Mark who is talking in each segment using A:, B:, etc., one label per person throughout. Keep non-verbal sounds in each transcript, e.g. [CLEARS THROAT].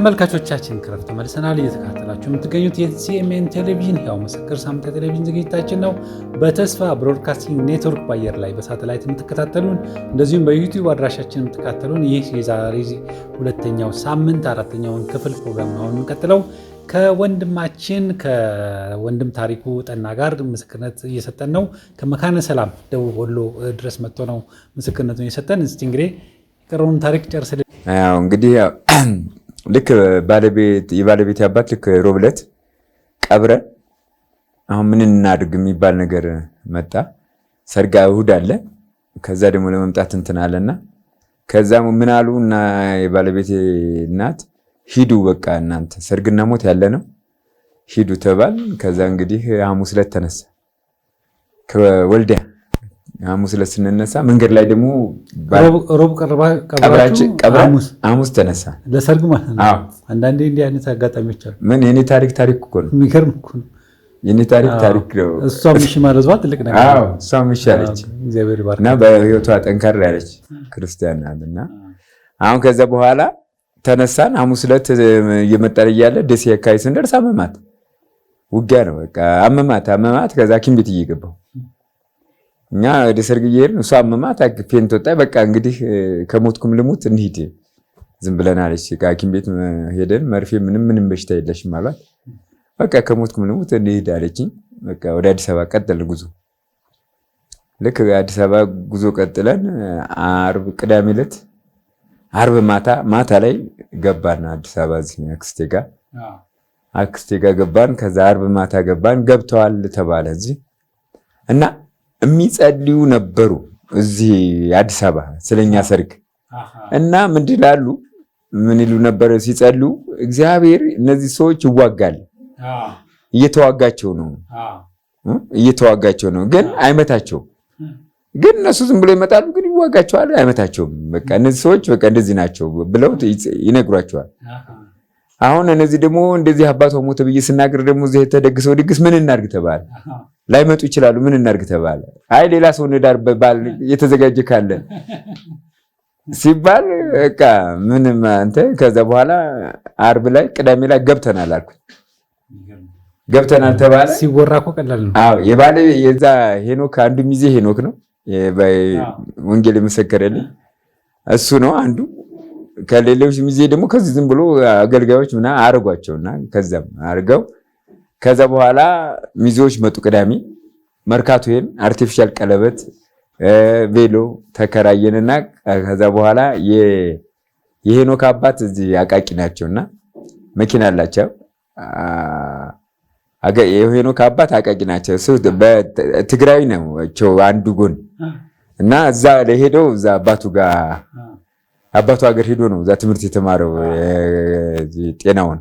A: ተመልካቾቻችን ክረፍ ተመልሰናል። እየተከታተላችሁ የምትገኙት የሲኤምኤን ቴሌቪዥን ያው ምስክር ሳምንታዊ ቴሌቪዥን ዝግጅታችን ነው። በተስፋ ብሮድካስቲንግ ኔትወርክ ባየር ላይ በሳተላይት የምትከታተሉን እንደዚሁም በዩቲዩብ አድራሻችን የምትከታተሉን ይህ የዛሬ ሁለተኛው ሳምንት አራተኛውን ክፍል ፕሮግራም ነው የምንቀጥለው ከወንድማችን ከወንድም ታሪኩ ጠና ጋር ምስክርነት እየሰጠን ነው። ከመካነ ሰላም ደቡብ ወሎ ድረስ መጥቶ ነው ምስክርነቱን እየሰጠን። እስቲ እንግዲህ የቀረውን ታሪክ ጨርስ።
B: እንግዲህ ልክ ባለቤት የባለቤት አባት ልክ ሮብለት ቀብረን አሁን ምን እናድርግ የሚባል ነገር መጣ። ሰርጋ እሁድ አለ። ከዛ ደግሞ ለመምጣት እንትን አለና ከዛ ምን አሉ እና የባለቤቴ እናት ሂዱ በቃ እናንተ ሰርግና ሞት ያለ ነው ሂዱ ተባል። ከዛ እንግዲህ ሐሙስ ዕለት ተነሳ ከወልዲያ ሐሙስ ዕለት ስንነሳ መንገድ ላይ ደግሞ ሮብ ሐሙስ ተነሳ ለሰርግ ማለት ነው።
A: አንዳንዴ እንዲህ አይነት አጋጣሚዎች አሉ።
B: ምን የኔ ታሪክ ታሪክ እኮ ነው።
A: የሚገርም እኮ ነው።
B: የኔ ታሪክ ታሪክ
A: ነው። ትልቅ
B: ነገር ነው። አለች እና በህይወቷ ያለች ክርስቲያን ናት። እና አሁን ከዛ በኋላ ተነሳን። ሐሙስ ዕለት እየመጣን እያለ ደሴ አካባቢ ስንደርስ አመማት። ውጊያ ነው በቃ አመማት አመማት። ከዛ ሐኪም ቤት እየገባሁ እኛ ወደ ሰርግ እየሄድን እሷ አመማት፣ ፌንት ወጣ። በቃ እንግዲህ ከሞትኩም ልሙት እንሂድ ዝም ብለን አለች። ሐኪም ቤት ሄደን መርፌ ምንም ምንም በሽታ የለሽም አሏት። በቃ ከሞትኩም ልሙት እንሂድ አለችኝ። በቃ ወደ አዲስ አበባ ቀጠል ጉዞ። ልክ አዲስ አበባ ጉዞ ቀጥለን አርብ ቅዳሜ ዕለት አርብ ማታ ማታ ላይ ገባን አዲስ አበባ እዚህ አክስቴ ጋር አክስቴ ጋር ገባን። ከዛ አርብ ማታ ገባን። ገብተዋል ተባለ እዚህ እና የሚጸልዩ ነበሩ እዚህ አዲስ አበባ ስለኛ ሰርግ እና ምንድ ላሉ ምን ይሉ ነበር ሲጸልዩ፣ እግዚአብሔር እነዚህ ሰዎች ይዋጋል፣ እየተዋጋቸው ነው እየተዋጋቸው ነው፣ ግን አይመታቸውም። ግን እነሱ ዝም ብሎ ይመጣሉ፣ ግን ይዋጋቸዋል፣ አይመታቸውም። በቃ እነዚህ ሰዎች በቃ እንደዚህ ናቸው ብለው ይነግሯቸዋል። አሁን እነዚህ ደግሞ እንደዚህ አባቷ ሞተ ብዬ ስናገር ደግሞ እዚህ የተደግሰው ድግስ ምን እናድርግ ተባለ። ላይመጡ ይችላሉ፣ ምን እናድርግ ተባለ። አይ ሌላ ሰው ንዳር በባል የተዘጋጀ ካለ ሲባል በቃ ምንም አንተ። ከዛ በኋላ አርብ ላይ ቅዳሜ ላይ ገብተናል አልኩኝ። ገብተናል ተባለ።
A: ሲወራ እኮ ቀላል ነው።
B: አዎ የባለ የዛ ሄኖክ አንዱ ሚዜ ሄኖክ ነው፣ ወንጌል የመሰከረልኝ እሱ ነው አንዱ ከሌሎች ሚዜ ደግሞ ከዚህ ዝም ብሎ አገልጋዮች ምና አርጓቸውና ከዚም አርገው ከዛ በኋላ ሚዜዎች መጡ። ቅዳሜ መርካቶ ይሄን አርቲፊሻል ቀለበት ቬሎ ተከራየንና ከዛ በኋላ የሄኖክ አባት እዚህ አቃቂ ናቸውና መኪና አላቸው። የሄኖክ አባት አቃቂ ናቸው። ትግራዊ ነው አንዱ ጎን እና እዛ ለሄደው እዛ አባቱ ጋር አባቱ ሀገር ሄዶ ነው እዛ ትምህርት የተማረው ጤናውን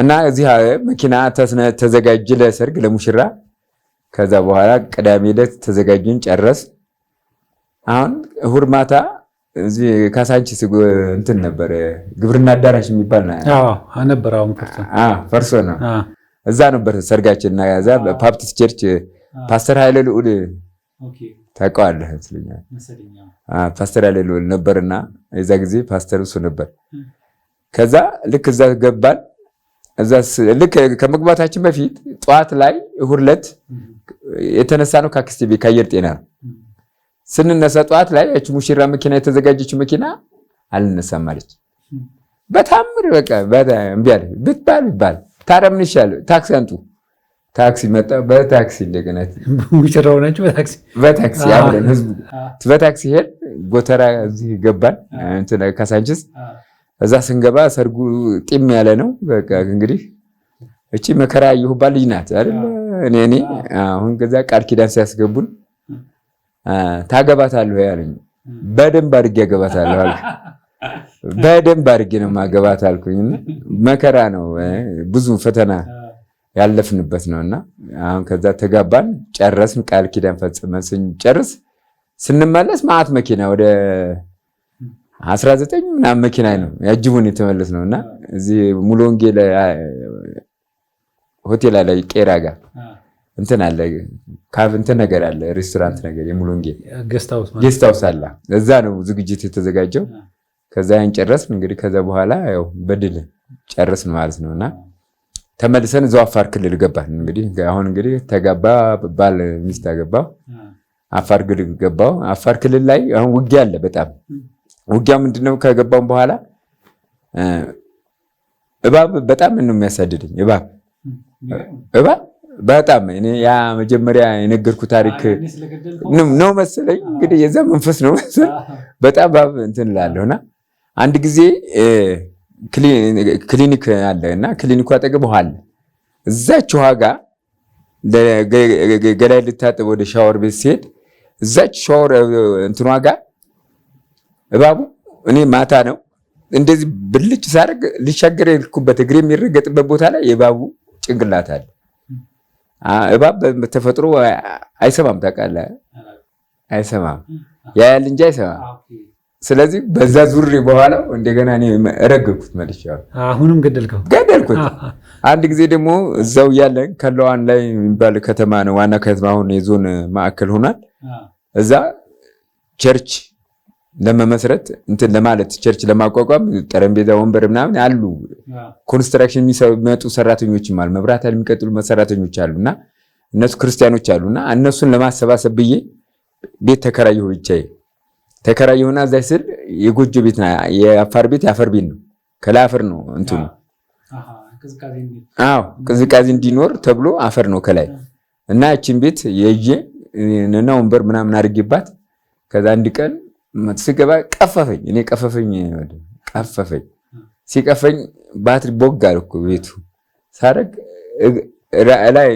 B: እና እዚህ መኪና ተዘጋጅ ለሰርግ ለሙሽራ። ከዛ በኋላ ቅዳሜ ዕለት ተዘጋጅን ጨረስ። አሁን እሑድ ማታ እዚህ ካሳንቺስ እንትን ነበር ግብርና አዳራሽ የሚባል ነበር። አሁን ፈርሶ ነው እዛ ነበር ሰርጋችን እና ፓፕቲስት ቸርች ፓስተር ሀይለ ልዑል ታውቀዋለህ ይመስለኛል። ፓስተር ያለ ልዑል ነበርና የዛ ጊዜ ፓስተር እሱ ነበር። ከዛ ልክ እዛ ገባን። ልክ ከመግባታችን በፊት ጠዋት ላይ እሑድ ዕለት የተነሳ ነው ከአክስቴ ቤት ከአየር ጤና ነው ስንነሳ፣ ጠዋት ላይ ያቺ ሙሽራ መኪና የተዘጋጀችው መኪና አልነሳም አለች። በታምር በቃ እምቢ አለ ብትባል ይባል ታዲያ ይሻል ታክሲ አንጡ ታክሲ መጣ። በታክሲ እንደገና
A: ሙሽራው ናቸው። በታክሲ
B: በታክሲ አብረን ህዝቡ በታክሲ ሄድ ጎተራ እዚህ ገባን። ካሳንችስ እዛ ስንገባ ሰርጉ ጢም ያለ ነው። በቃ እንግዲህ እቺ መከራ የሁባ ልጅ ናት አይደል? እኔ እኔ አሁን ከዛ ቃል ኪዳን ሲያስገቡን ታገባታለሁ ያለኝ በደንብ አድርጌ ያገባታለሁ አልኩ። [LAUGHS] በደንብ አድርጌ ነው ማገባት አልኩኝ። መከራ ነው ብዙ ፈተና ያለፍንበት ነው እና አሁን ከዛ ተጋባን፣ ጨረስን። ቃል ኪዳን ፈጽመን ስንጨርስ ስንመለስ ማአት መኪና ወደ 19 ዘጠኝ ምናምን መኪና ነው ያጅቡን የተመለስ ነው እና እዚህ ሙሉ ወንጌል ሆቴል አለ ቄራ ጋር እንትን አለ ካብ እንትን ነገር አለ ሬስቶራንት ነገር የሙሉ ወንጌል ጌስት አለ። እዛ ነው ዝግጅት የተዘጋጀው። ከዛ ያን ጨረስን። እንግዲህ ከዛ በኋላ ያው በድል ጨረስን ማለት ነው እና ተመልሰን እዛው አፋር ክልል ገባን። እንግዲህ አሁን እንግዲህ ተጋባ ባል ሚስት አገባ፣ አፋር ክልል ገባው። አፋር ክልል ላይ አሁን ውጊያ አለ። በጣም ውጊያ ምንድነው? ከገባም በኋላ እባብ በጣም ነው የሚያሳድደኝ። እባብ እባብ በጣም እኔ ያ መጀመሪያ የነገርኩ ታሪክ ነው መሰለኝ። እንግዲህ የዛ መንፈስ ነው መሰለኝ። በጣም እባብ እንትን እላለሁና አንድ ጊዜ ክሊኒክ አለ እና ክሊኒኩ አጠገብ ውሃ አለ። እዛች ውሃ ጋር ገላይ ልታጠብ ወደ ሻወር ቤት ሲሄድ እዛች ሻወር እንትኗ ጋር እባቡ እኔ ማታ ነው እንደዚህ ብልጭ ሳደርግ ልሻገር የልኩበት እግሬ የሚረገጥበት ቦታ ላይ የእባቡ ጭንቅላት አለ። እባብ በተፈጥሮ አይሰማም፣ ታውቃለህ፣ አይሰማም። ያያል እንጂ አይሰማም። ስለዚህ በዛ ዙሪ በኋላው እንደገና እኔ ረገኩት
A: አሁንም ገደልከው
B: ገደልኩት። [LAUGHS] አንድ ጊዜ ደግሞ እዛው እያለ ከለዋን ላይ የሚባል ከተማ ነው ዋና ከተማ አሁን የዞን ማዕከል ሆኗል። እዛ ቸርች ለመመስረት እንትን ለማለት ቸርች ለማቋቋም ጠረጴዛ፣ ወንበር ምናምን አሉ። ኮንስትራክሽን የሚመጡ ሰራተኞችም አሉ፣ መብራት ኃይል የሚቀጥሉ ሰራተኞች አሉ እና እነሱ ክርስቲያኖች አሉ እና እነሱን ለማሰባሰብ ብዬ ቤት ተከራየሁ ብቻዬ ተከራየሁና እዛ ስል የጎጆ ቤት የአፋር ቤት የአፈር ቤት ነው። ከላይ አፈር ነው እንትኑ አዎ ቅዝቃዜ እንዲኖር ተብሎ አፈር ነው ከላይ እና ያችን ቤት የእጄ እና ወንበር ምናምን አድርጌባት ከዛ አንድ ቀን ስገባ ቀፈፈኝ። እኔ ቀፈፈኝ ቀፈፈኝ ሲቀፈኝ ባትሪ ቦግ አልኩ ቤቱ ሳረግ ላይ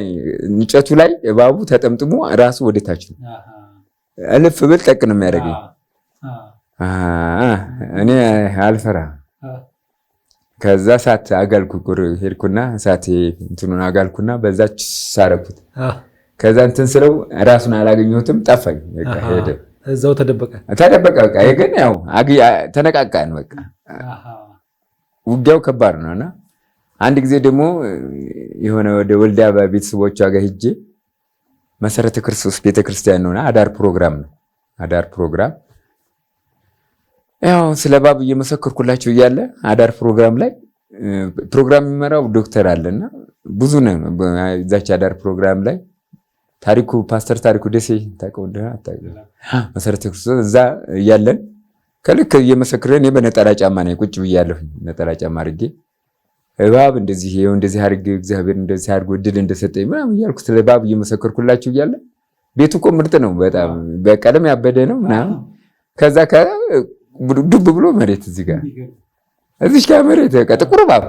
B: እንጨቱ ላይ እባቡ ተጠምጥሞ ራሱ ወደታች ነው። እልፍ ብል ጠቅ ነው የሚያደርገኝ። እኔ አልፈራ ከዛ ሳት አጋልኩ ሄድኩና እሳት እንትኑን አጋልኩና በዛች ሳረኩት። ከዛ እንትን ስለው ራሱን አላገኘሁትም፣ ጠፋኝ። በቃ
A: ሄደ፣ እዛው ተደበቀ
B: ተደበቀ። በቃ ግን ያው ተነቃቃን። በቃ ውጊያው ከባድ ነው እና አንድ ጊዜ ደግሞ የሆነ ወደ ወልዲያ ቤተሰቦቿ ጋር ሄጄ መሰረተ ክርስቶስ ቤተክርስቲያን ነውና አዳር ፕሮግራም ነው አዳር ፕሮግራም ያው ስለ እባብ እየመሰከርኩላቸው እያለ አዳር ፕሮግራም ላይ ፕሮግራም የሚመራው ዶክተር አለና ብዙ ነው። እዛች አዳር ፕሮግራም ላይ ታሪኩ ፓስተር ታሪኩ ደሴ ታቀወደ መሰረተ ክርስቶስ እዛ እያለን ከልክ እየመሰክረ እኔ በነጠላ ጫማ ነ ቁጭ ብያለሁ። ነጠላ ጫማ አድርጌ እባብ እንደዚህ ይኸው እንደዚህ አድርጌ እግዚአብሔር እንደዚህ አድርጎ እድል እንደሰጠኝ ምናምን እያልኩ ስለ እባብ እየመሰከርኩላችሁ እያለ ቤቱ እኮ ምርጥ ነው፣ በጣም በቀለም ያበደ ነው ምናምን ከዛ ዱብ ብሎ መሬት እዚህ ጋር እዚህ ጋር መሬት በቃ ጥቁር እባብ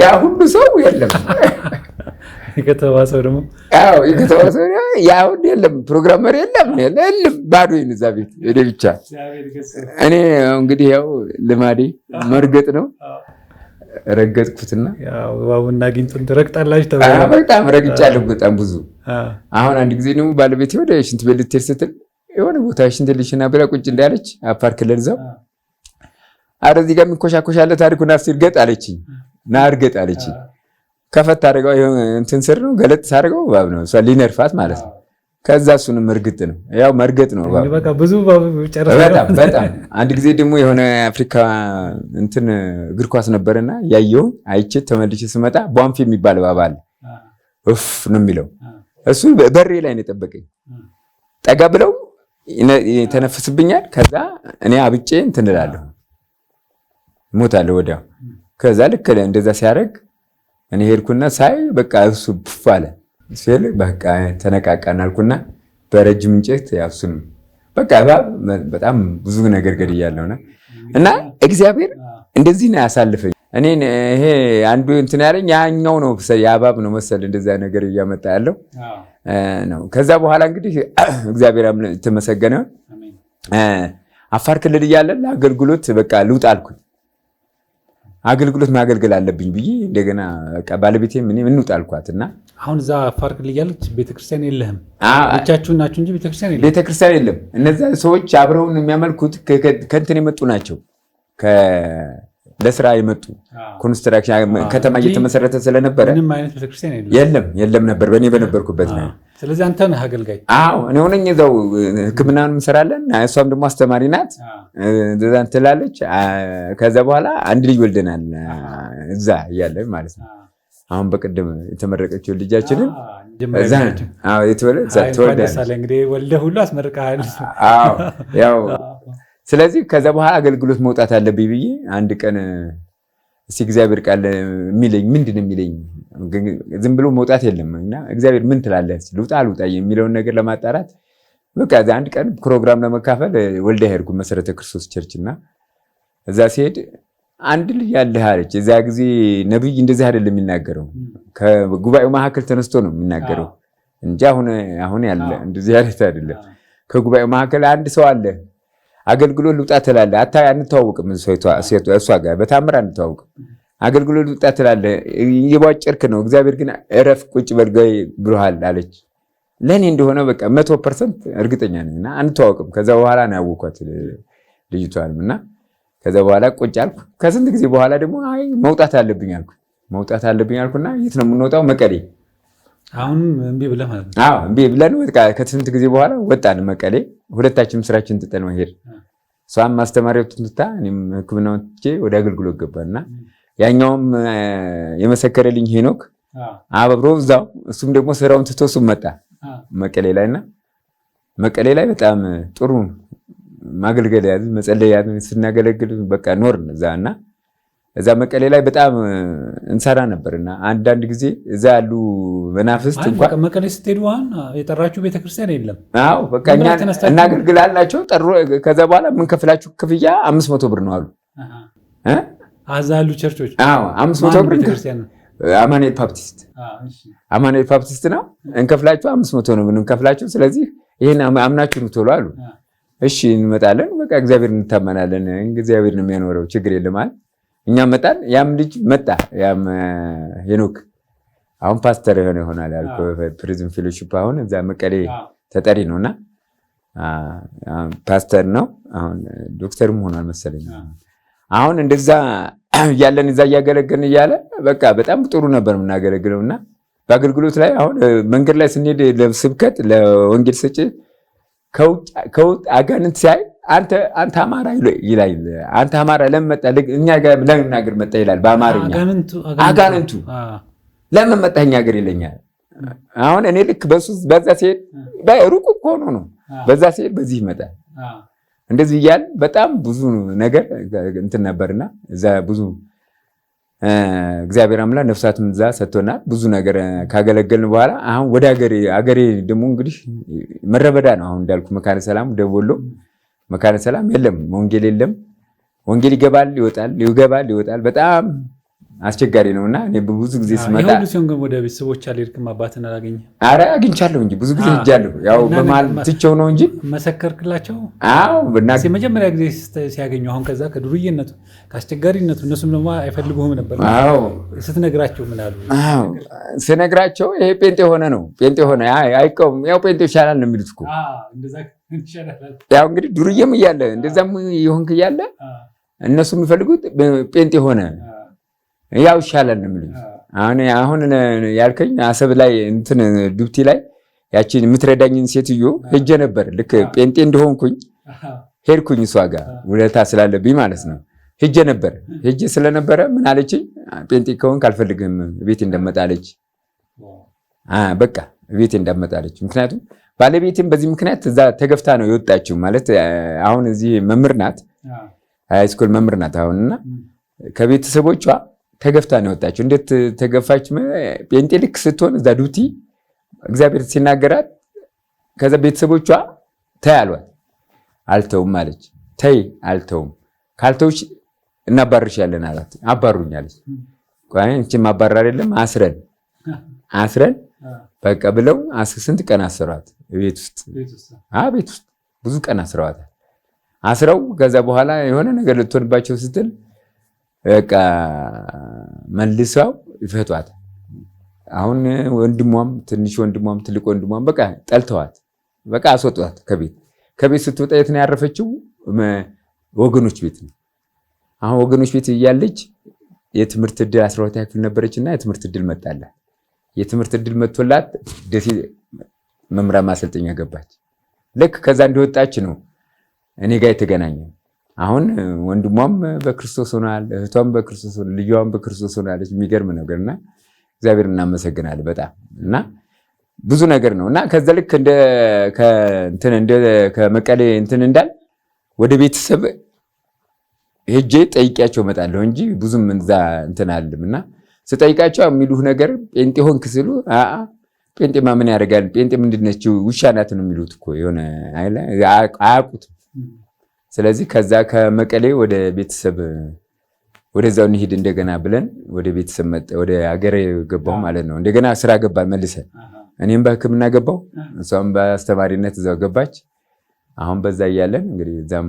B: ያ ሁሉ ሰው የለም።
A: የከተማ ሰው ደግሞ
B: አዎ፣ የከተማ ሰው ያ ሁሉ የለም። ፕሮግራም መሪ የለም፣ የለም። ባዶ እዛ ቤት እኔ ብቻ። እኔ እንግዲህ ያው ልማዴ መርገጥ ነው። ረገጥኩትና
A: እባቡን አግኝተን ትረግጣላችሁ
B: ተባለ። በጣም ረግጫለሁ፣ በጣም ብዙ። አሁን አንድ ጊዜ ደግሞ ባለቤቴ ወደ ሽንት ቤት ልትሄድ ስትል የሆነ ቦታ ሽንት ና ብላ ቁጭ እንዳለች አፋር ክልል ዘው አረ እዚህ ጋር የሚንኮሻኮሻ ታሪኩ ናፍስ እርገጥ አለችኝ ና እርገጥ አለችኝ። ከፈት አድርገው እንትን ስር ነው ገለጥ ሳድርገው እባብ ነው ሊነርፋት ማለት ነው። ከዛ እሱንም እርግጥ ነው ያው መርገጥ ነው
A: በጣም
B: በጣም አንድ ጊዜ ደግሞ የሆነ አፍሪካ እንትን እግር ኳስ ነበርና ያየውን አይቼ ተመልሼ ስመጣ ቧንፌ የሚባል እባብ አለ እፍ ነው የሚለው እሱ በሬ ላይ ነው የጠበቀኝ ጠጋ ብለው ተነፍስብኛል። ከዛ እኔ አብጬ እንትን እላለሁ እሞታለሁ ወዲያው። ከዛ ልክ እንደዛ ሲያደርግ እኔ ሄድኩና ሳይ በቃ እሱ ቡፍ አለ ሲል በቃ ተነቃቃን አልኩና በረጅም እንጨት ያሱን በቃ እባብ በጣም ብዙ ነገር ገድያለሁና እና እግዚአብሔር እንደዚህ ነው ያሳልፈኝ። እኔን ይሄ አንዱ እንትን ያለኝ ያኛው ነው የአባብ ነው መሰል እንደዛ ነገር እያመጣ ያለው ነው። ከዛ በኋላ እንግዲህ [CLEARS THROAT] እግዚአብሔር ተመሰገነ። አፋር ክልል እያለን ለአገልግሎት በቃ ልውጥ አልኩኝ። አገልግሎት ማገልገል አለብኝ ብዬ እንደገና በቃ ባለቤቴም እኔም እንውጣ አልኳት እና
A: አሁን እዛ አፋር ክልል እያለች ቤተክርስቲያን የለህም ብቻችሁን ናችሁ እንጂ ቤተክርስቲያን የለም፣
B: ቤተክርስቲያን የለም። ሰዎች አብረውን የሚያመልኩት ከእንትን የመጡ ናቸው ለስራ የመጡ ኮንስትራክሽን ከተማ እየተመሰረተ ስለነበረ
A: የለም የለም ነበር በእኔ በነበርኩበት ነው። ስለዚህ አንተ ነህ አገልጋይ?
B: አዎ እኔ ሆነኝ እዛው ሕክምናን እንሰራለን። እሷም ደግሞ አስተማሪ ናት፣ እዛን ትላለች። ከዛ በኋላ አንድ ልጅ ወልደናል፣ እዛ እያለ ማለት ነው። አሁን በቅድም የተመረቀችው ልጃችንን
A: ወልደ ሁሉ አስመርቀሃል።
B: ያው ስለዚህ ከዛ በኋላ አገልግሎት መውጣት አለብኝ ብዬ አንድ ቀን እስኪ እግዚአብሔር ቃል የሚለኝ ምንድን ነው የሚለኝ፣ ዝም ብሎ መውጣት የለም እና እግዚአብሔር ምን ትላለህ ልውጣ ልውጣ የሚለውን ነገር ለማጣራት በቃ እዛ አንድ ቀን ፕሮግራም ለመካፈል ወልዳ ሄድኩ መሰረተ ክርስቶስ ቸርች እና እዛ ሲሄድ አንድ ልጅ ያለህ አለች። እዛ ጊዜ ነብይ እንደዚህ አይደለም የሚናገረው፣ ከጉባኤው መካከል ተነስቶ ነው የሚናገረው እንጂ አሁን አሁን ያለ እንደዚህ አይነት አይደለም። ከጉባኤው መካከል አንድ ሰው አለ አገልግሎት ልውጣ ትላለህ። አንተዋውቅም፣ እሷ ጋር በታምር አንተዋውቅም። አገልግሎት ልውጣ ትላለህ፣ እየቧጨርክ ነው። እግዚአብሔር ግን እረፍ፣ ቁጭ በል ብሎሃል አለች። ለእኔ እንደሆነ በቃ መቶ ፐርሰንት እርግጠኛ ነኝ። እና አንተዋውቅም። ከዛ በኋላ ነው ያወኳት ልጅቷንም እና ከዛ በኋላ ቁጭ አልኩ። ከስንት ጊዜ በኋላ ደግሞ አይ መውጣት አለብኝ አልኩ መውጣት አለብኝ አልኩና የት ነው የምንወጣው? መቀሌ።
A: አሁን እምቢ ብለህ ማለት
B: ነው? እምቢ ብለን ከስንት ጊዜ በኋላ ወጣን መቀሌ ሁለታችንም ስራችን ትተን መሄድ እሷም ማስተማሪያው ትንታ እኔም ሕክምናውን ትቼ ወደ አገልግሎት ገባና ያኛውም የመሰከረልኝ ሄኖክ አብሮ እዛው እሱም ደግሞ ስራውን ትቶ እሱም መጣ መቀሌ ላይ እና መቀሌ ላይ በጣም ጥሩ ማገልገል ያዝ መጸለይ ያዝ ስናገለግል በቃ ኖር እዛ እና እዛ መቀሌ ላይ በጣም እንሰራ ነበርና አንዳንድ ጊዜ እዛ ያሉ መናፍስት
A: እንኳን መቀሌ ስትሄዱ የጠራችሁ ቤተክርስቲያን የለም።
B: አዎ በቃ እኛ እናገልግላላቸው ጠሮ ከዛ በኋላ የምንከፍላችሁ ክፍያ አምስት መቶ ብር ነው አሉ
A: አዛ ያሉ ቸርቾች።
B: አዎ አምስት መቶ ብር አማኑኤል ፓፕቲስት አማኑኤል ፓፕቲስት ነው እንከፍላችሁ፣ አምስት መቶ ነው የምንከፍላችሁ። ስለዚህ ይህን አምናችሁ ምትሉ አሉ። እሺ እንመጣለን። በቃ እግዚአብሔር እንታመናለን፣ እግዚአብሔር ነው የሚያኖረው፣ ችግር የለም አለ እኛ መጣን። ያም ልጅ መጣ። ያም ሄኖክ አሁን ፓስተር የሆነ ይሆናል ያልኩህ ፕሪዝም ፌሎሺፕ አሁን እዛ መቀሌ ተጠሪ ነው እና ፓስተር ነው አሁን ዶክተርም ሆኗል መሰለኝ። አሁን እንደዛ [CLEARS THROAT] እያለን እዛ እያገለገልን እያለ በቃ በጣም ጥሩ ነበር የምናገለግለው እና በአገልግሎት ላይ አሁን መንገድ ላይ ስንሄድ ለስብከት ለወንጌል ሰጭ ከውጭ አጋንንት ሲያይ አንተ አማራ ይላል። አንተ አማራ ለምን መጣ? እኛ ጋር ለምናገር መጣ ይላል በአማርኛ። አጋንንቱ ለምን መጣ እኛ ጋር ይለኛል። አሁን እኔ ልክ በሱ በዛ ሲሄድ ሩቁ ከሆኑ ነው በዛ ሲሄድ በዚህ ይመጣል። እንደዚህ እያልን በጣም ብዙ ነገር እንትን ነበርና እዛ ብዙ እግዚአብሔር አምላክ ነፍሳት ምዛ ሰጥቶናል። ብዙ ነገር ካገለገልን በኋላ አሁን ወደ አገሬ አገሬ ደግሞ እንግዲህ መረበዳ ነው። አሁን እንዳልኩ መካነ ሰላም ደወሎ መካነ ሰላም የለም፣ ወንጌል የለም። ወንጌል ይገባል ይወጣል፣ ይገባል ይወጣል። በጣም አስቸጋሪ ነው እና ብዙ ጊዜ ስመጣ
A: ሲሆን ግን ወደ ቤተሰቦች አልሄድክም? አባትን አላገኘህም?
B: አረ አግኝቻለሁ እንጂ ብዙ ጊዜ ሄጃለሁ። ያው በመሀል ትቼው ነው እንጂ
A: መሰከርክላቸው? መጀመሪያ ጊዜ ሲያገኙ አሁን ከዛ ከዱርዬነቱ ከአስቸጋሪነቱ እነሱም ደግሞ አይፈልጉህም ነበር። ስትነግራቸው ምን
B: አሉ? ስነግራቸው ይሄ ጴንጤ ሆነ ነው ጴንጤ ሆነ አይቀውም። ያው ጴንጤ ይሻላል ነው የሚሉት እኮ [LAUGHS] ያው እንግዲህ ዱርዬም እያለ እንደዛም ይሆንክ እያለ እነሱ የሚፈልጉት ጴንጤ ሆነ ያው ይሻላል የምልህ አሁን አሁን ያልከኝ አሰብ ላይ እንትን ዱብቲ ላይ ያቺን የምትረዳኝን ሴትዮ ሄጀ ነበር። ልክ ጴንጤ እንደሆንኩኝ ሄድኩኝ እሷ ጋር ውለታ ስላለብኝ ማለት ነው። ሄጀ ነበር። ሄጀ ስለነበረ ምን አለችኝ፣ ጴንጤ ከሆንክ አልፈልግም ቤቴ እንዳመጣለች በቃ ቤት እንዳመጣለች። ምክንያቱም ባለቤትም በዚህ ምክንያት እዛ ተገፍታ ነው የወጣችው። ማለት አሁን እዚህ መምህር ናት፣ ሃይስኩል መምህር ናት አሁንና ከቤተሰቦቿ ተገፍታ ነው የወጣችው። እንዴት ተገፋች? ጴንጤ ልክ ስትሆን እዛ ዱቲ እግዚአብሔር ሲናገራት ከዛ ቤተሰቦቿ ተይ አሏት። አልተውም አለች። ተይ አልተውም፣ ካልተውች እናባርሻለን አላት። አባሩኝ አለች። እንቺም አባራ አይደለም አስረን አስረን በቃ ብለው ስንት ቀን አስረዋት ቤት ውስጥ ቤት ውስጥ ብዙ ቀን አስረዋታል። አስረው ከዛ በኋላ የሆነ ነገር ልትሆንባቸው ስትል በቃ መልሰው ይፈቷት። አሁን ወንድሟም ትንሽ ወንድሟም ትልቅ ወንድሟም በቃ ጠልተዋት በቃ አስወጧት ከቤት። ከቤት ስትወጣ የት ነው ያረፈችው? ወገኖች ቤት ነው። አሁን ወገኖች ቤት እያለች የትምህርት እድል አስራ ሁለት ክፍል ነበረች እና የትምህርት እድል መጣላት። የትምህርት እድል መጥቶላት ደሴ መምህራን ማሰልጠኛ ገባች። ልክ ከዛ እንደወጣች ነው እኔ ጋር የተገናኘው። አሁን ወንድሟም በክርስቶስ ሆናል፣ እህቷም በክርስቶስ ሆኗል፣ ልጇም በክርስቶስ ሆናለች። የሚገርም ነገር እና እግዚአብሔር እናመሰግናል በጣም እና ብዙ ነገር ነው እና ከዛ ልክ ከመቀሌ እንትን እንዳል ወደ ቤተሰብ ሄጄ ጠይቂያቸው እመጣለሁ እንጂ ብዙም እንዛ እንትን አልልም እና ስጠይቃቸው የሚሉህ ነገር ጴንጤ ሆንክ ስሉ ጴንጤማ ምን ያደርጋል ጴንጤ ምንድነችው ውሻ ናት ነው የሚሉት እኮ የሆነ አያውቁትም ስለዚህ ከዛ ከመቀሌ ወደ ቤተሰብ ወደዛው እንሂድ እንደገና ብለን ወደ ቤተሰብ መጠ ወደ ሀገር ገባው ማለት ነው። እንደገና ስራ ገባን መልሰን። እኔም በህክምና ገባው፣ እሷም በአስተማሪነት እዛው ገባች። አሁን በዛ እያለን እንግዲህ እዛም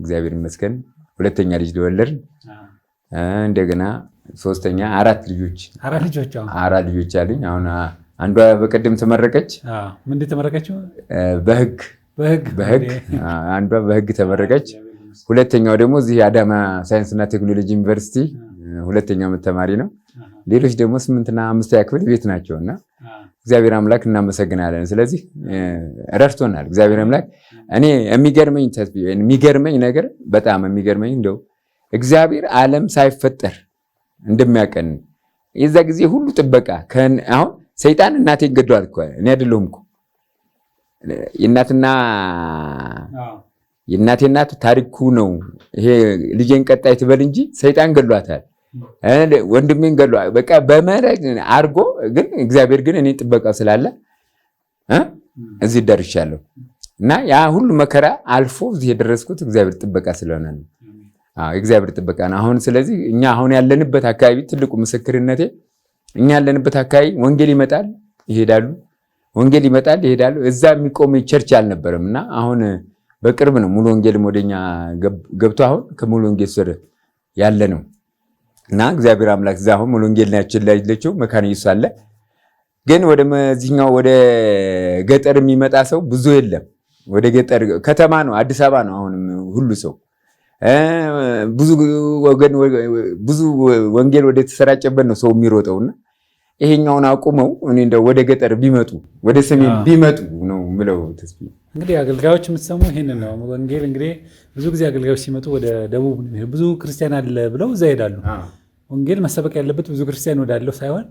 B: እግዚአብሔር ይመስገን ሁለተኛ ልጅ ልወለድን እንደገና ሶስተኛ አራት ልጆች አራት ልጆች አሉኝ። አሁን አንዷ በቀደም ተመረቀች።
A: ምንድን ተመረቀችው? በህግ በህግ
B: አንዷ በህግ ተመረቀች። ሁለተኛው ደግሞ እዚህ የአዳማ ሳይንስና ቴክኖሎጂ ዩኒቨርሲቲ ሁለተኛው ዓመት ተማሪ ነው። ሌሎች ደግሞ ስምንትና አምስተኛ ክፍል ቤት ናቸው እና እግዚአብሔር አምላክ እናመሰግናለን። ስለዚህ ረድቶናል እግዚአብሔር አምላክ። እኔ የሚገርመኝ የሚገርመኝ ነገር በጣም የሚገርመኝ እንደው እግዚአብሔር ዓለም ሳይፈጠር እንደሚያቀን የዛ ጊዜ ሁሉ ጥበቃ አሁን ሰይጣን እናቴን ገደዋል እኮ እኔ አይደለሁም እኮ የእናትና የእናቴ እናት ታሪኩ ነው ይሄ ልጄን ቀጣይ ትበል እንጂ ሰይጣን ገሏታል፣ ወንድሜን ገሏታል። በቃ በመረግ አርጎ ግን እግዚአብሔር ግን እኔ ጥበቃው ስላለ እዚህ ደርሻለሁ እና ያ ሁሉ መከራ አልፎ እዚህ የደረስኩት እግዚአብሔር ጥበቃ ስለሆነ ነው። እግዚአብሔር ጥበቃ ነው። አሁን ስለዚህ እኛ አሁን ያለንበት አካባቢ ትልቁ ምስክርነቴ እኛ ያለንበት አካባቢ ወንጌል ይመጣል ይሄዳሉ። ወንጌል ይመጣል ይሄዳሉ። እዛ የሚቆም ቸርች አልነበረም እና አሁን በቅርብ ነው ሙሉ ወንጌል ወደኛ ገብቶ አሁን ከሙሉ ወንጌል ስር ያለ ነው እና እግዚአብሔር አምላክ እዛ አሁን ሙሉ ወንጌል ናችን ላይ ለችው ኢየሱስ አለ። ግን ወደዚህኛው ወደ ገጠር የሚመጣ ሰው ብዙ የለም። ወደ ገጠር ከተማ ነው አዲስ አበባ ነው አሁንም ሁሉ ሰው ብዙ ወገን ብዙ ወንጌል ወደ ተሰራጨበት ነው ሰው የሚሮጠውና ይሄኛውን አቁመው እኔ እንደው ወደ ገጠር ቢመጡ ወደ ሰሜን ቢመጡ ነው ምለው። ተስፋዬ
A: እንግዲህ አገልጋዮች የምትሰሙ ይሄንን ነው። ወንጌል እንግዲህ ብዙ ጊዜ አገልጋዮች ሲመጡ ወደ ደቡብ ብዙ ክርስቲያን አለ ብለው እዛ ይሄዳሉ። ወንጌል መሰበቅ ያለበት ብዙ ክርስቲያን ወዳለው ሳይሆን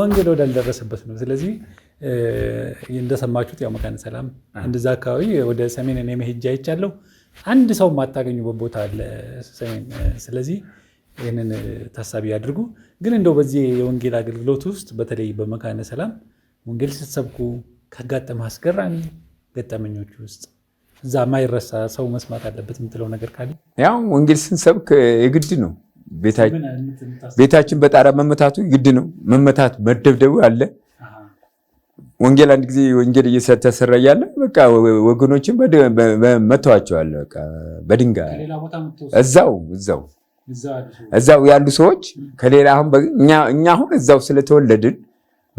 A: ወንጌል ወዳልደረሰበት ነው። ስለዚህ እንደሰማችሁት ያው መካነ ሰላም እንደዛ አካባቢ ወደ ሰሜን እኔ መሄጃ ይቻለሁ አንድ ሰው የማታገኙበት ቦታ አለ ሰሜን ስለዚህ ይህንን ታሳቢ ያድርጉ። ግን እንደው በዚህ የወንጌል አገልግሎት ውስጥ በተለይ በመካነ ሰላም ወንጌል ስትሰብኩ ካጋጠመ አስገራሚ ገጠመኞች ውስጥ እዛ ማይረሳ ሰው መስማት አለበት የምትለው ነገር ካለ?
B: ያው ወንጌል ስንሰብክ የግድ ነው። ቤታችን በጣራ መመታቱ ግድ ነው። መመታት መደብደቡ አለ። ወንጌል አንድ ጊዜ ወንጌል እየተሰራ እያለ በቃ ወገኖችን መተዋቸዋል በድንጋይ እዛው እዛው እዛው ያሉ ሰዎች ከሌላ አሁን እኛ አሁን እዛው ስለተወለድን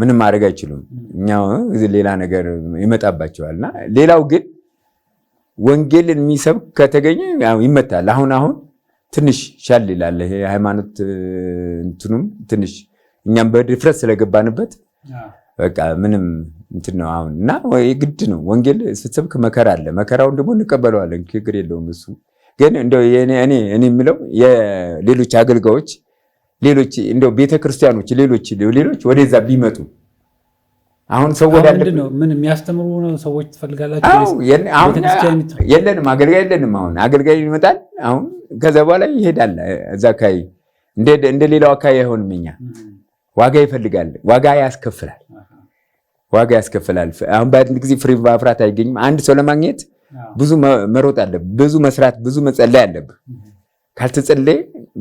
B: ምንም ማድረግ አይችሉም። እኛ ሌላ ነገር ይመጣባቸዋል እና ሌላው ግን ወንጌልን የሚሰብክ ከተገኘ ይመታል። አሁን አሁን ትንሽ ሻል ይላል ሃይማኖት እንትኑም ትንሽ እኛም በድፍረት ስለገባንበት በቃ ምንም እንትን ነው አሁን እና ግድ ነው ወንጌል ስትሰብክ መከራ አለ። መከራውን ደግሞ እንቀበለዋለን፣ ችግር የለውም እሱ ግን እንደው እኔ የሚለው የሌሎች አገልጋዮች ሌሎች ቤተ ቤተክርስቲያኖች ሌሎች ሌሎች ወደዛ ቢመጡ አሁን ሰው
A: ወዳለነው ምን የሚያስተምሩ ሰዎች ትፈልጋላችሁ?
B: የለንም፣ አገልጋይ የለንም። አሁን አገልጋይ ይመጣል። አሁን ከዛ በኋላ ይሄዳል። እዛ አካባቢ እንደ ሌላው አካባቢ አይሆንም። እኛ ዋጋ ይፈልጋል፣ ዋጋ ያስከፍላል፣ ዋጋ ያስከፍላል። አሁን በአንድ ጊዜ ፍሬ ማፍራት አይገኝም። አንድ ሰው ለማግኘት ብዙ መሮጥ አለብህ፣ ብዙ መስራት፣ ብዙ መጸለይ አለብህ። ካልተጸለየ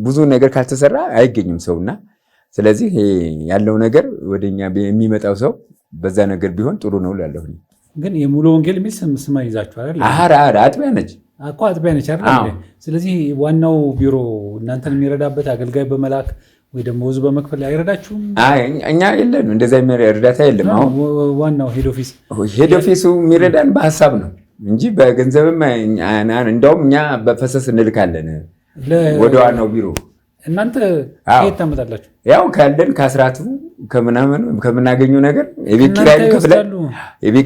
B: ብዙ ነገር ካልተሰራ አይገኝም ሰውና ስለዚህ ያለው ነገር ወደኛ የሚመጣው ሰው በዛ ነገር ቢሆን ጥሩ ነው እላለሁ።
A: ግን የሙሉ ወንጌል የሚል ስማ ይዛችኋል። አጥቢያ ነች እኮ አጥቢያ ነች አ ስለዚህ ዋናው ቢሮ እናንተን የሚረዳበት አገልጋይ በመላክ ወይ ደግሞ ብዙ በመክፈል አይረዳችሁም?
B: እኛ የለን እንደዛ እርዳታ የለም።
A: ዋናው ሄድ ኦፊስ
B: ሄድ ኦፊሱ የሚረዳን በሀሳብ ነው እንጂ በገንዘብም እንደውም እኛ በፈሰስ እንልካለን ወደ ዋናው ቢሮ።
A: እናንተ ከየት ታመጣላችሁ?
B: ያው ካለን ከአስራቱ ከምናምን ከምናገኙ ነገር የቤት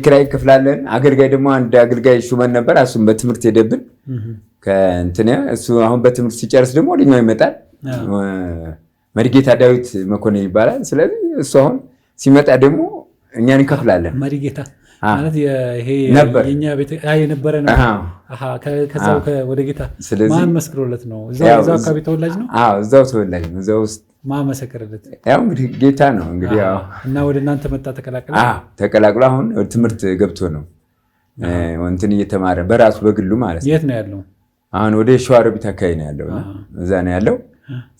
B: ኪራይ ክፍላለን። አገልጋይ ደግሞ አንድ አገልጋይ ሹመን ነበር። እሱም በትምህርት ሄደብን ከእንትን እሱ አሁን በትምህርት ሲጨርስ ደግሞ ወደኛው ይመጣል። መሪጌታ ዳዊት መኮንን ይባላል። ስለዚህ እሱ አሁን ሲመጣ ደግሞ እኛን እንከፍላለን።
A: መሪጌታ ማለት ይሄ የነበረ ነው። ወደ ጌታ ማን መስክሮለት ነው? እዛው አካባቢ ተወላጅ ነው።
B: እዛው ተወላጅ ነው። እዛው ውስጥ መሰከረለት? ያው እንግዲህ ጌታ ነው። እንግዲህ ያው
A: እና ወደ እናንተ መጣ ተቀላቅለ
B: ተቀላቅሎ አሁን ትምህርት ገብቶ ነው እንትን እየተማረ በራሱ በግሉ ማለት ነው። የት ነው ያለው? አሁን ወደ ሸዋሮቢት አካባቢ ነው ያለው። እዛ ነው ያለው።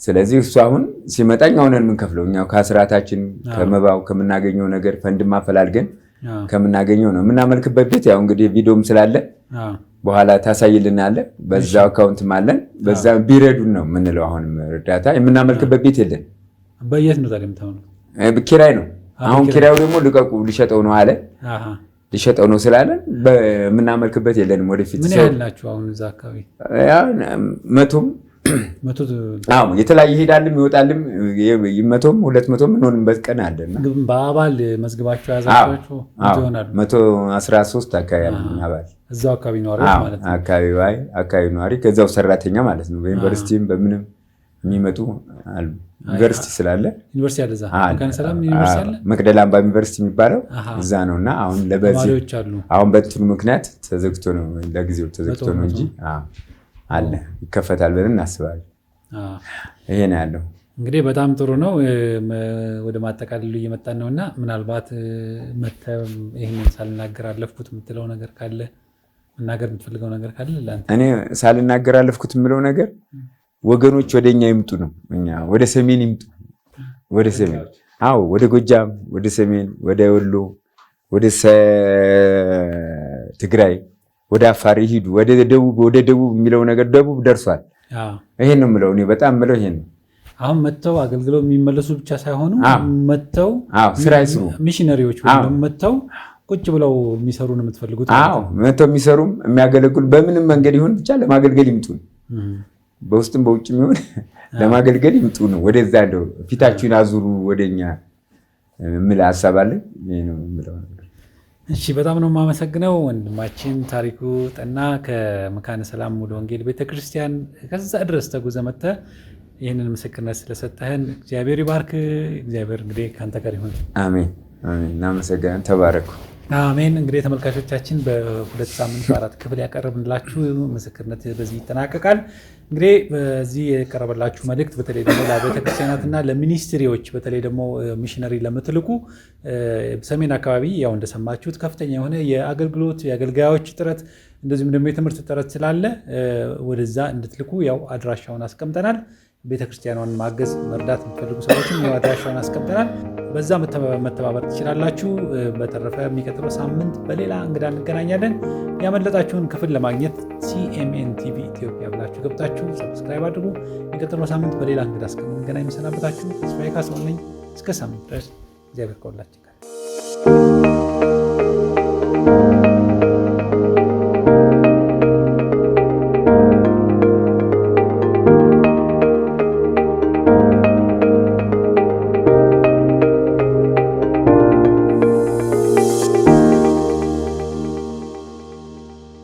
B: ስለዚህ እሱ አሁን ሲመጣኝ አሁን የምንከፍለው እኛው ከአስራታችን ከመባው ከምናገኘው ነገር ፈንድም አፈላልገን ከምናገኘው ነው የምናመልክበት ቤት። ያው እንግዲህ ቪዲዮም ስላለ በኋላ ታሳይልናለ። በዛ አካውንትም አለን። በዛ ቢረዱን ነው የምንለው። አሁንም እርዳታ የምናመልክበት ቤት የለን።
A: በየት ነው ታዲያ የምታምነው?
B: ኪራይ ነው። አሁን ኪራዩ ደግሞ ልቀቁ ልሸጠው ነው አለ። ልሸጠው ነው ስላለን የምናመልክበት የለንም። ወደፊት
A: ምን ያህል ናችሁ አሁን እዛ አካባቢ?
B: መቶም የተለያየ ይሄዳልም ይወጣልም መቶም ሁለት መቶም የምንሆንበት ቀን አለ።
A: በአባል መዝግባቸው
B: ያዛቸው መቶ አስራ ሦስት አካባቢ
A: አባል እዛው አካባቢ
B: ነዋሪ ማለት ነው። አካባቢ ነዋሪ ከዛው ሰራተኛ ማለት ነው። በዩኒቨርሲቲም በምንም የሚመጡ አሉ። ዩኒቨርሲቲ ስላለ
A: ዩኒቨርሲቲ አለ፣
B: መቅደላ አምባ ዩኒቨርሲቲ የሚባለው እዛ ነው። እና አሁን ለበዚህ አሁን በትኑ ምክንያት ተዘግቶ ነው ለጊዜው ተዘግቶ ነው እንጂ አለ ይከፈታል ብለን እናስባለን። ይሄ ነው ያለው።
A: እንግዲህ በጣም ጥሩ ነው። ወደ ማጠቃለሉ እየመጣን ነው እና ምናልባት ይህንን ሳልናገር አለፍኩት የምትለው ነገር ካለ መናገር የምትፈልገው ነገር ካለ
B: እኔ ሳልናገር አለፍኩት የምለው ነገር ወገኖች ወደ እኛ ይምጡ ነው። እኛ ወደ ሰሜን ይምጡ፣ ወደ ሰሜን አዎ፣ ወደ ጎጃም፣ ወደ ሰሜን፣ ወደ ወሎ፣ ወደ ትግራይ ወደ አፋር ይሂዱ፣ ወደ ደቡብ ወደ ደቡብ የሚለው ነገር ደቡብ ደርሷል። ይሄን ነው የምለው እኔ በጣም የምለው ይሄን ነው።
A: አሁን መጥተው አገልግለው የሚመለሱ ብቻ ሳይሆኑ መጥተው ስራ ይስሩ ሚሽነሪዎች መጥተው ቁጭ ብለው የሚሰሩ ነው የምትፈልጉት?
B: አዎ መጥተው የሚሰሩም የሚያገለግሉ በምንም መንገድ ይሁን ብቻ ለማገልገል ይምጡ፣ በውስጥም በውጭ የሚሆን ለማገልገል ይምጡ ነው። ወደዛ ፊታችሁን አዙሩ ወደኛ የምል ሀሳብ ነገር
A: እሺ በጣም ነው የማመሰግነው ወንድማችን ታሪኩ ጠና ከመካነ ሰላም ሙሉ ወንጌል ቤተክርስቲያን ከዛ ድረስ ተጉዘ መተ ይህንን ምስክርነት ስለሰጠህን እግዚአብሔር ይባርክ። እግዚአብሔር እንግዲህ ከአንተ ጋር ይሁን።
B: አሜን አሜን። እናመሰግናለን። ተባረኩ።
A: አሜን። እንግዲህ ተመልካቾቻችን በሁለት ሳምንት በአራት ክፍል ያቀረብንላችሁ ምስክርነት በዚህ ይጠናቀቃል። እንግዲህ በዚህ የቀረበላችሁ መልእክት በተለይ ደግሞ ለቤተክርስቲያናትና ለሚኒስትሪዎች በተለይ ደግሞ ሚሽነሪ ለምትልኩ ሰሜን አካባቢ ያው እንደሰማችሁት ከፍተኛ የሆነ የአገልግሎት የአገልጋዮች ጥረት እንደዚሁም ደግሞ የትምህርት ጥረት ስላለ ወደዛ እንድትልኩ ያው አድራሻውን አስቀምጠናል። ቤተክርስቲያኗን ማገዝ መርዳት የሚፈልጉ ሰዎችም የዋዳሻውን አስቀምጠናል። በዛ መተባበር ትችላላችሁ። በተረፈ የሚቀጥለው ሳምንት በሌላ እንግዳ እንገናኛለን። ያመለጣችሁን ክፍል ለማግኘት ሲኤምኤን ቲቪ ኢትዮጵያ ብላችሁ ገብታችሁ ሰብስክራይብ አድርጉ። የሚቀጥለው ሳምንት በሌላ እንግዳ እስከምንገናኝ የሚሰናበታችሁ ተስፋዬ ካሳሁን ነኝ። እስከ ሳምንት ድረስ እግዚአብሔር ከሁላችን